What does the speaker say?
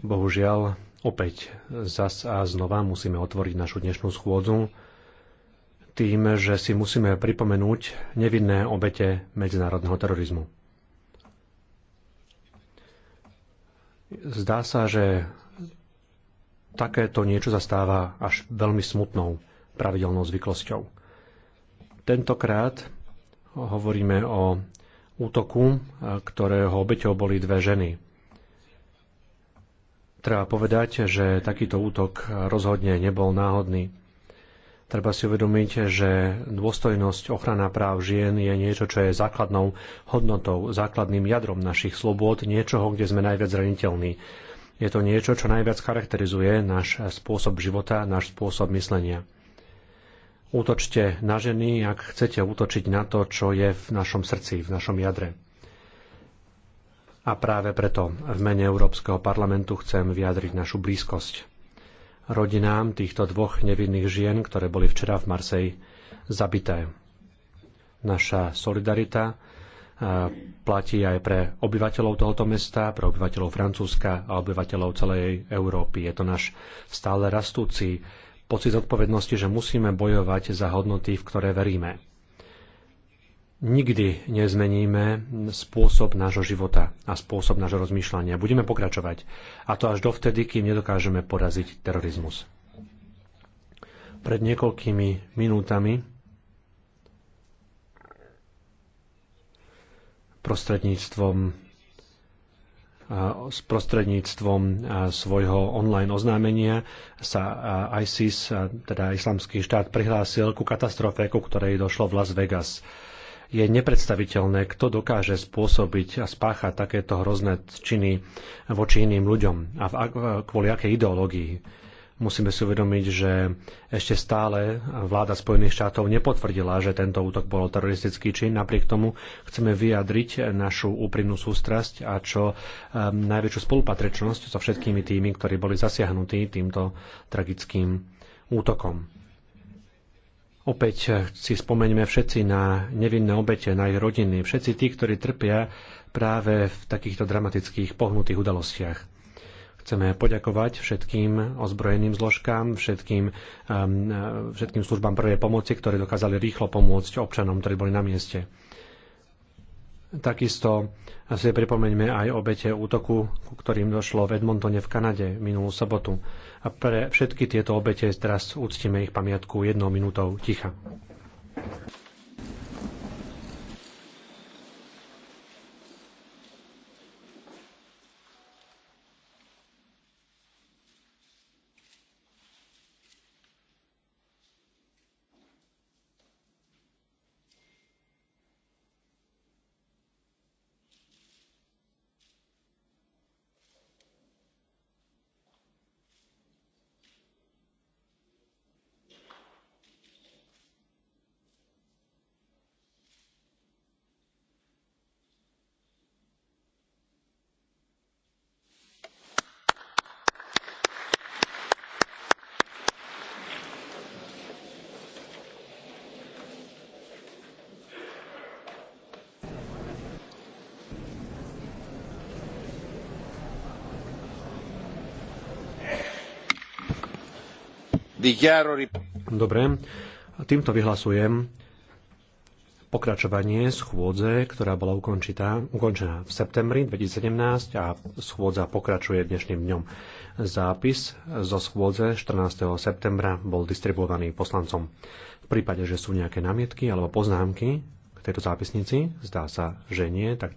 Bohužiaľ, opäť zas a znova musíme otvoriť našu dnešnú schôdzu tým, že si musíme pripomenúť nevinné obete medzinárodného terorizmu. Zdá sa, že takéto niečo zastáva až veľmi smutnou pravidelnou zvyklosťou. Tentokrát hovoríme o útoku, ktorého obeťou boli dve ženy, Treba povedať, že takýto útok rozhodne nebol náhodný. Treba si uvedomiť, že dôstojnosť ochrana práv žien je niečo, čo je základnou hodnotou, základným jadrom našich slobôd, niečoho, kde sme najviac zraniteľní. Je to niečo, čo najviac charakterizuje náš spôsob života, náš spôsob myslenia. Útočte na ženy, ak chcete útočiť na to, čo je v našom srdci, v našom jadre. A práve preto v mene Európskeho parlamentu chcem vyjadriť našu blízkosť. Rodinám týchto dvoch nevinných žien, ktoré boli včera v Marsej zabité. Naša solidarita e, platí aj pre obyvateľov tohoto mesta, pre obyvateľov Francúzska a obyvateľov celej Európy. Je to náš stále rastúci pocit zodpovednosti, že musíme bojovať za hodnoty, v ktoré veríme nikdy nezmeníme spôsob nášho života a spôsob nášho rozmýšľania. Budeme pokračovať. A to až dovtedy, kým nedokážeme poraziť terorizmus. Pred niekoľkými minútami prostredníctvom s prostredníctvom svojho online oznámenia sa ISIS, teda Islamský štát, prihlásil ku katastrofe, ku ktorej došlo v Las Vegas je nepredstaviteľné, kto dokáže spôsobiť a spáchať takéto hrozné činy voči iným ľuďom a kvôli akej ideológii. Musíme si uvedomiť, že ešte stále vláda Spojených štátov nepotvrdila, že tento útok bol teroristický čin. Napriek tomu chceme vyjadriť našu úprimnú sústrasť a čo um, najväčšiu spolupatričnosť so všetkými tými, ktorí boli zasiahnutí týmto tragickým útokom. Opäť eh, si spomeňme všetci na nevinné obete, na ich rodiny, všetci tí, ktorí trpia práve v takýchto dramatických pohnutých udalostiach. Chceme poďakovať všetkým ozbrojeným zložkám, všetkým, ehm, eh, všetkým službám prvej pomoci, ktoré dokázali rýchlo pomôcť občanom, ktorí boli na mieste. Takisto si pripomeňme aj obete útoku, ku ktorým došlo v Edmontone v Kanade minulú sobotu. A pre všetky tieto obete teraz uctíme ich pamiatku jednou minútou ticha. Dobre, týmto vyhlasujem pokračovanie schôdze, ktorá bola ukončitá, ukončená v septembri 2017 a schôdza pokračuje dnešným dňom. Zápis zo schôdze 14. septembra bol distribuovaný poslancom. V prípade, že sú nejaké námietky alebo poznámky k tejto zápisnici, zdá sa, že nie, tak